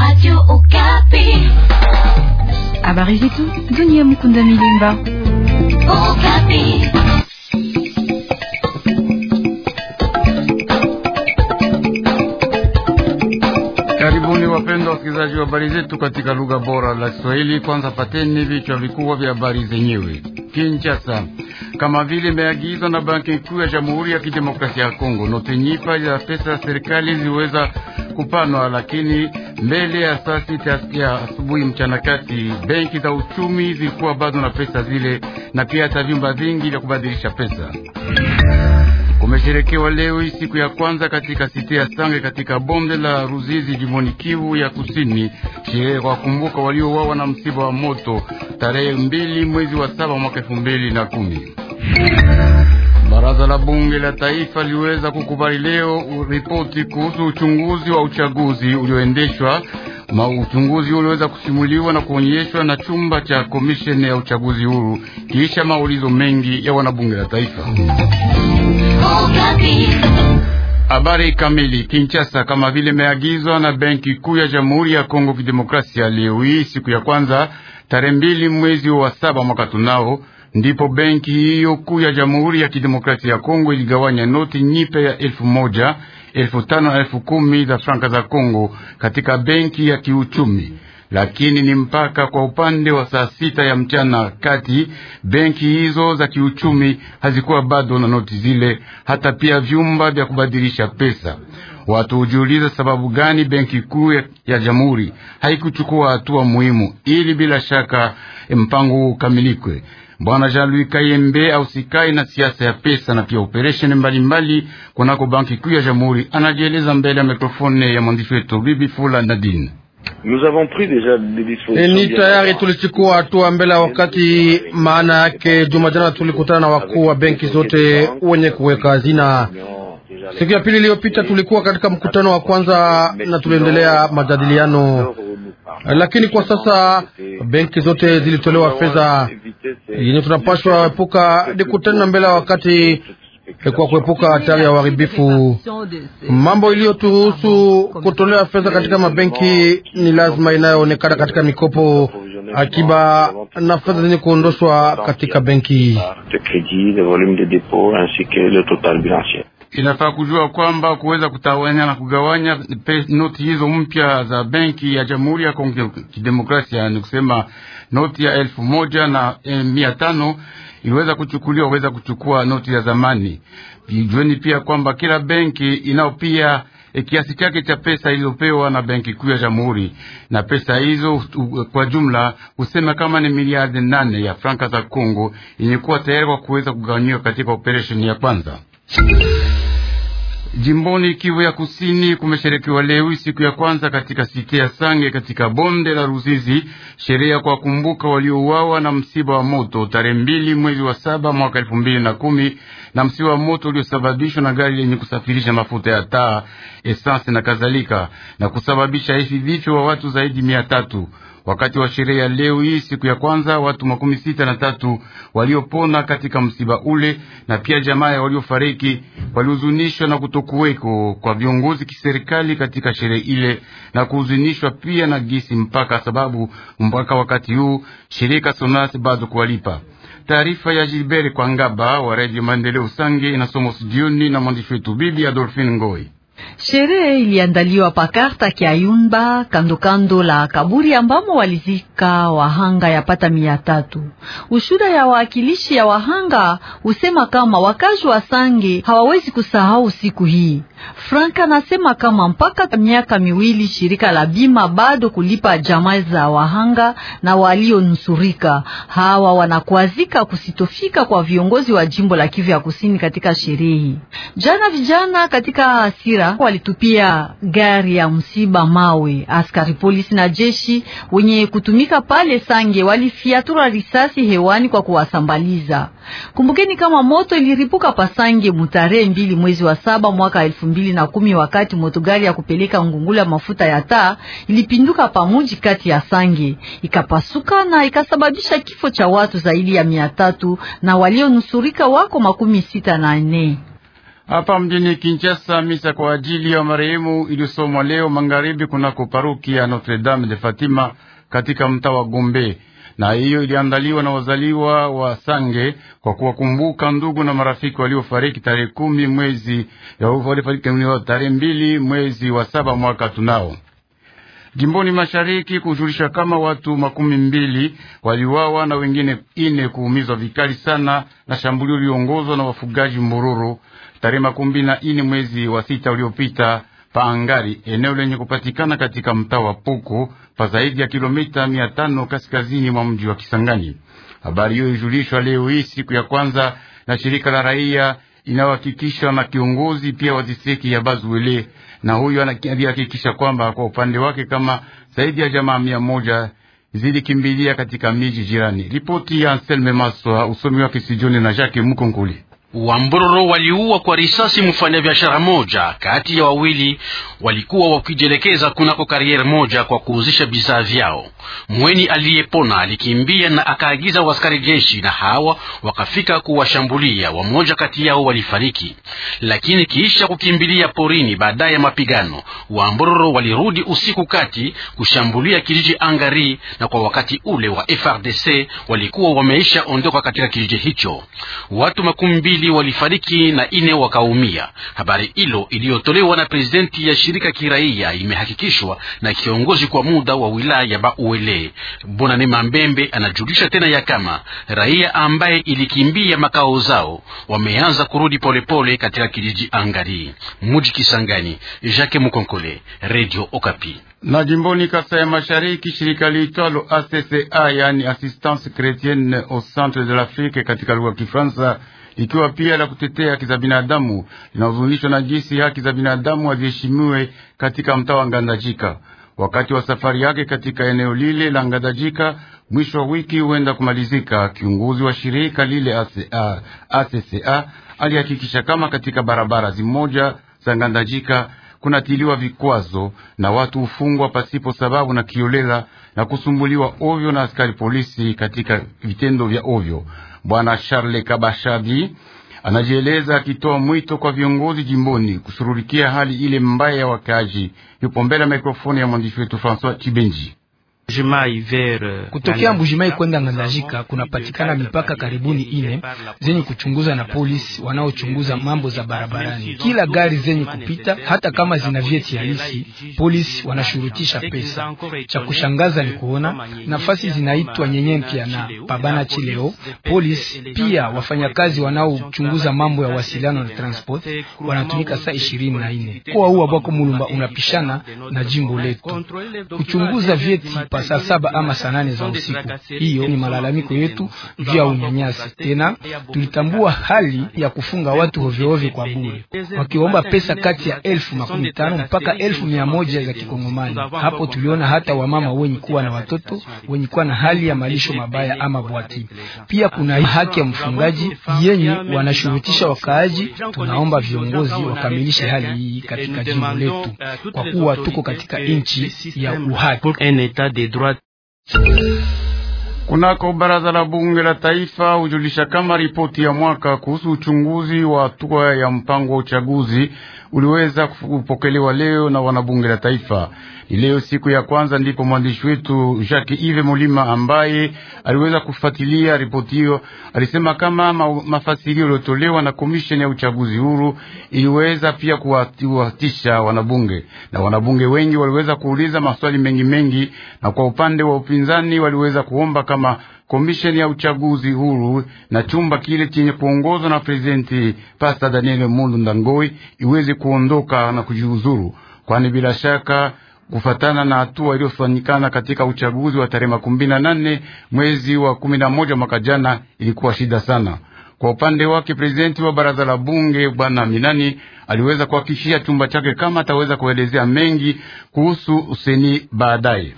Radio Okapi. Habari zetu dunia, Mkunda Milimba. Okapi. Karibuni wapendwa wasikilizaji wa habari zetu katika lugha bora la Kiswahili. Kwanza pateni vichwa vikubwa vya habari zenyewe. Kinshasa, kama vile imeagizwa na Banki Kuu ya Jamhuri ya Kidemokrasia ya Kongo, notenyipa ya pesa ya serikali ziweza kupanwa, lakini mbele ya saa sita ya asubuhi mchana kati, benki za uchumi zilikuwa bado na pesa zile na pia hata vyumba vingi vya kubadilisha pesa. Kumesherekewa leo hii siku ya kwanza katika site ya Sange katika bonde la Ruzizi jimboni Kivu ya Kusini, sherehe kwa kumbuka na msiba wa moto tarehe mbili mwezi wa saba mwaka elfu mbili na kumi. Baraza la bunge la taifa liliweza kukubali leo ripoti kuhusu uchunguzi wa uchaguzi ulioendeshwa. Uchunguzi uliweza kusimuliwa na kuonyeshwa na chumba cha komisheni ya uchaguzi huru kisha maulizo mengi ya wanabunge la taifa. Habari kamili. Kinshasa, kama vile imeagizwa na Benki Kuu ya Jamhuri ya Kongo Kidemokrasia, leo hii siku ya kwanza tarehe mbili mwezi wa saba mwaka tunao ndipo benki hiyo kuu ya Jamhuri ya Kidemokrasia ya Kongo iligawanya noti nyipe ya elfu moja, elfu tano na elfu kumi za franka za Kongo katika benki ya kiuchumi lakini ni mpaka kwa upande wa saa sita ya mchana kati benki hizo za kiuchumi hazikuwa bado na noti zile, hata pia vyumba vya kubadilisha pesa. Watu hujiuliza sababu gani benki kuu ya jamhuri haikuchukua hatua muhimu ili bila shaka mpango huu ukamilikwe. Bwana Jean-Louis Kayembe ausikae na siasa ya pesa na pia operesheni mbalimbali kunako banki kuu ya Jamhuri anajieleza mbele ya mikrofoni ya mwandishi wetu Bibi Fula Nadine. Ni tayari tulichukua hatua mbele ya wakati. Maana yake Jumajana tulikutana na wakuu wa benki zote wenye kuweka hazina. Siku ya pili iliyopita tulikuwa katika mkutano wa kwanza na tuliendelea majadiliano, lakini kwa sasa benki zote zilitolewa fedha yenye tunapashwa epuka ni kutenda mbele wakati kwa kuepuka hatari ya uharibifu. Mambo iliyoturuhusu kutolea fedha katika mabenki ni lazima inayoonekana katika mikopo, akiba na fedha zenye kuondoshwa katika benki. Inafaa kujua kwamba kuweza kutawanya na kugawanya noti hizo mpya za benki ya Jamhuri ya Kongo Kidemokrasia ni kusema noti ya elfu moja na eh, mia tano iliweza kuchukuliwa weza kuchukua noti ya zamani. Vijueni pia kwamba kila benki inao pia E kiasi chake cha pesa iliyopewa na benki kuu ya Jamhuri, na pesa hizo kwa jumla husema kama ni miliardi nane ya franka za Kongo yenye kuwa tayari kwa kuweza kugawanyiwa katika operesheni ya kwanza. Jimboni Kivu ya Kusini kumesherekewa leo siku ya kwanza katika site ya Sange katika bonde la Ruzizi, sherehe ya kuwakumbuka waliouawa na msiba wa moto tarehe mbili mwezi wa saba mwaka elfu mbili na kumi na msiba wa moto uliosababishwa na gari lenye kusafirisha mafuta ya taa, esansi na kadhalika na kusababisha hivi vifo wa watu zaidi mia tatu. Wakati wa sherehe ya leo hii, siku ya kwanza, watu makumi sita na tatu waliopona katika msiba ule na pia jamaa ya waliofariki walihuzunishwa na kutokuweko kwa viongozi kiserikali katika sherehe ile na kuhuzunishwa pia na gisi mpaka sababu mpaka wakati huu shirika Sonasi bado kuwalipa. Taarifa ya Gilbert Kwangaba wa Radio Maendeleo Sange inasomwa studioni na mwandishi wetu Bibi Adolphine Ngoi. Sherehe iliandaliwa pakarta Kiayumba kandokando la kaburi ambamo walizika wahanga yapata mia tatu. Ushuda ya waakilishi ya wahanga husema kama wakazi wa Sange hawawezi kusahau siku hii. Frank anasema kama mpaka miaka miwili shirika la bima bado kulipa jamaa za wahanga na walionusurika hawa wanakuazika kusitofika kwa viongozi wa jimbo la Kivu ya Kusini katika sherehe jana. Vijana katika hasira walitupia gari ya msiba mawe. Askari polisi na jeshi wenye kutumika pale Sange walifiatura risasi hewani kwa kuwasambaliza. Kumbukeni kama moto iliripuka pasange mutarehe mbili mwezi wa saba mwaka elfu mbili na kumi wakati moto gari ya kupeleka ngungula mafuta ya taa ilipinduka pamuji kati ya Sange ikapasuka na ikasababisha kifo cha watu zaidi ya mia tatu na walionusurika wako makumi sita na nne hapa mjini Kinshasa. Misa kwa ajili ya marehemu ilisomwa leo magharibi kunako ya Notre Dame de Fatima katika mtaa wa Gombe, na hiyo iliandaliwa na wazaliwa wa Sange kwa kuwakumbuka ndugu na marafiki waliofariki tarehe kumi mwezi waliofariki tarehe mbili mwezi wa saba mwaka tunao jimboni mashariki kujulisha kama watu makumi mbili waliuawa na wengine ine kuumizwa vikali sana na shambulio liliongozwa na wafugaji mbururu tarehe makumi na ine mwezi wa sita uliopita paangari eneo lenye kupatikana katika mtaa wa Puku pa zaidi ya kilomita mia tano kaskazini mwa mji wa Kisangani. Habari hiyo ilijulishwa leo hii siku ya kwanza na shirika la raia inayohakikishwa na kiongozi pia wa distriki ya Bazuele, na huyo alihakikisha kwamba kwa upande wake kama zaidi ya jamaa mia moja zilikimbilia katika miji jirani. Ripoti ya Anselme Maswa, usomi wake Sijoni na Jacques Mukonkuli. Wambororo waliua kwa risasi mfanyabiashara moja kati ya wawili walikuwa wakijielekeza kunako kariere moja kwa kuuzisha bidhaa vyao. Mweni aliyepona alikimbia na akaagiza waskari jeshi, na hawa wakafika kuwashambulia. Wamoja kati yao walifariki lakini kiisha kukimbilia porini baadaye ya mapigano, Waambororo walirudi usiku kati kushambulia kijiji Angari, na kwa wakati ule wa FRDC walikuwa wameisha ondoka katika kijiji hicho. Watu makumi mbili walifariki na ine wakaumia. Habari hilo iliyotolewa na prezidenti ya shirika kiraia imehakikishwa na kiongozi kwa muda wa wilaya ya Bauele Bonane Mambembe. Anajulisha tena ya kama raia ambaye ilikimbia makao zao wameanza kurudi polepole pole katika kijiji Angari, muji Kisangani. Jacques Mukonkole, Radio Okapi. Na jimboni Kasa ya Mashariki, shirika liitwalo ACCA, yani Assistance Chretienne au Centre de l'Afrique katika lugha ya Kifaransa, ikiwa pia la kutetea haki za binadamu linahuzunishwa na jinsi haki za binadamu haziheshimiwe katika mtaa wa Ngandajika wakati wa safari yake katika eneo lile la ngandajika mwisho wa wiki huenda kumalizika. Kiongozi wa shirika lile ACCA alihakikisha kama katika barabara zimoja za Ngandajika kunatiliwa vikwazo na watu hufungwa pasipo sababu na kiolela na kusumbuliwa ovyo na askari polisi katika vitendo vya ovyo. Bwana Charles Kabashadi anajieleza akitoa mwito kwa viongozi jimboni kushughulikia hali ile mbaya ya wakaaji. Yupo mbele ya mikrofoni ya mwandishi wetu Francois Chibenji. Euh, Kutokea Mbujimai kwenda Ngandajika kunapatikana mipaka karibuni ine zenye kuchunguza na polisi wanaochunguza mambo za barabarani. Kila gari zenye kupita, hata kama zina vyeti halisi, polisi wanashurutisha pesa. Cha kushangaza ni kuona nafasi zinaitwa nyenye mpya na pabana chileo. Polisi pia wafanyakazi wanaochunguza mambo ya wasilano na transport wanatumika saa ishirini na ine. Kwa huwa bako mulumba unapishana na jimbo letu kuchunguza vyeti kwa saa saba ama saa nane za usiku. Hiyo ni malalamiko yetu juu ya unyanyasi. Tena tulitambua hali ya kufunga watu hovyohovyo kwa bure, wakiomba pesa kati ya elfu makumi tano mpaka elfu mia moja za Kikongomani. Hapo tuliona hata wamama wenye kuwa na watoto wenye kuwa na hali ya malisho mabaya ama bwati. Pia kuna haki ya mfungaji yenye wanashurutisha wakaaji. Tunaomba viongozi wakamilishe hali hii katika eh, jimbo letu, eh, kwa kuwa tuko katika eh, nchi ya uhaki des droits Kunako baraza la bunge la taifa hujulisha kama ripoti ya mwaka kuhusu uchunguzi wa hatua ya mpango wa uchaguzi uliweza kupokelewa leo na wanabunge la taifa. Leo siku ya kwanza ndipo mwandishi wetu Jacques Ive mulima ambaye aliweza kufuatilia ripoti hiyo alisema kama mafasirio yaliyotolewa na komisheni ya uchaguzi huru iliweza pia kuwatisha wanabunge, na wanabunge wengi waliweza kuuliza maswali mengi mengi, na kwa upande wa upinzani waliweza kuomba kama komisheni ya uchaguzi huru na chumba kile chenye kuongozwa na prezidenti Pastor Daniel Mundu Ndangoi iweze kuondoka na kujiuzuru, kwani bila shaka kufatana na hatua iliyofanyikana katika uchaguzi wa tarehe makumi na nane mwezi wa kumi na moja mwaka jana, ilikuwa shida sana. Kwa upande wake prezidenti wa baraza la bunge bwana Minani aliweza kuhakikishia chumba chake kama ataweza kuelezea mengi kuhusu useni baadaye.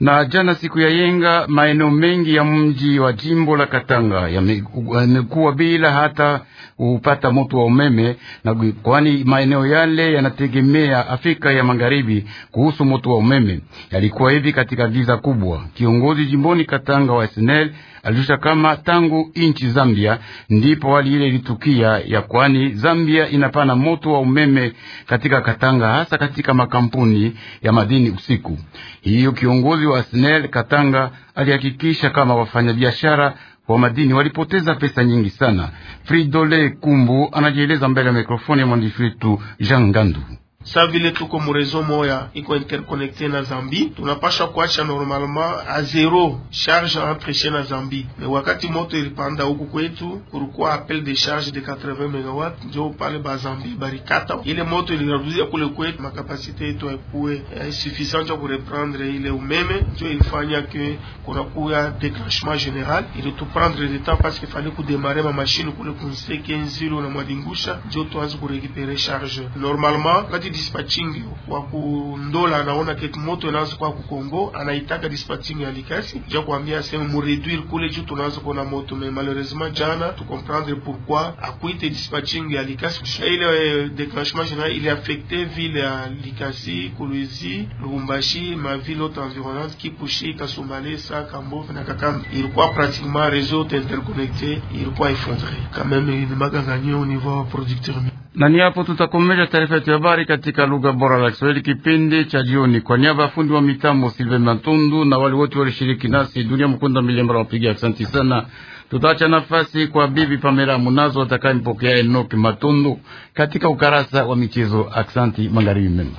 Na jana siku ya yenga, maeneo mengi ya mji wa jimbo la Katanga yamekuwa bila hata kupata moto wa umeme, na kwani maeneo yale yanategemea Afrika ya Magharibi kuhusu moto wa umeme. Yalikuwa hivi katika giza kubwa. Kiongozi jimboni Katanga wa SNEL alijulisha kama tangu inchi Zambia ndipo hali ile ilitukia ya kwani Zambia inapana moto wa umeme katika Katanga, hasa katika makampuni ya madini usiku. Hiyo kiongozi wa SNEL Katanga alihakikisha kama wafanyabiashara wa madini walipoteza pesa nyingi sana. Fridole Kumbu anajieleza mbele ya mikrofoni ya mwandishi wetu Jean Gandu. sa vile tuko murezo moya iko interconnecte na Zambi, tunapasha kuacha normalement a zéro charge entre na Zambi. Me wakati moto ilipanda huku kwetu, kulikuwa appel de charge de 80 MW, ndio pale ba Zambi barikata ile moto ilirudia kule kwetu, makapasite yetu haikuwe eh, suffisante pour reprendre ile umeme, que ilifanya ke un déclenchement général, Il tu prendre le temps parce qu'il fallait ku démarrer ma machine le kunse 15 na mwadingusha, ndio tuanze ku récupérer charge normalement anahitaji dispatching wa kundola, anaona keti moto inaanza kwa kukongo, anaitaka dispatching ya likasi ja kuambia sema mureduire kule juu tunaanza kuona moto me malheureusement jana tu comprendre pourquoi akuite dispatching ya likasi ile eh, declenchement general ili affecte ville ya Likasi, Kolwezi, Lubumbashi, ma ville autre environnante Kipushi, Kasumale, sa kambove na Kakamba, ilikuwa pratiquement réseau interconnecté ilikuwa effondré quand même, ni maganganyo au niveau producteur na ni hapo tutakomesha taarifa yetu ya habari katika lugha bora la Kiswahili kipindi cha jioni. Kwa niaba ya fundi wa mitambo silve Matundu na wale wote walishiriki nasi, Dunia Mkunda Milemba wapiga asante sana. Tutaacha nafasi kwa Bibi Pamela Munazo atakayempokea Enoki Matundu katika ukarasa wa michezo. Aksanti, magharibi mema.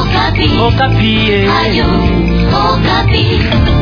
Okapi. Okapi. Eh. Ayo. Okapi.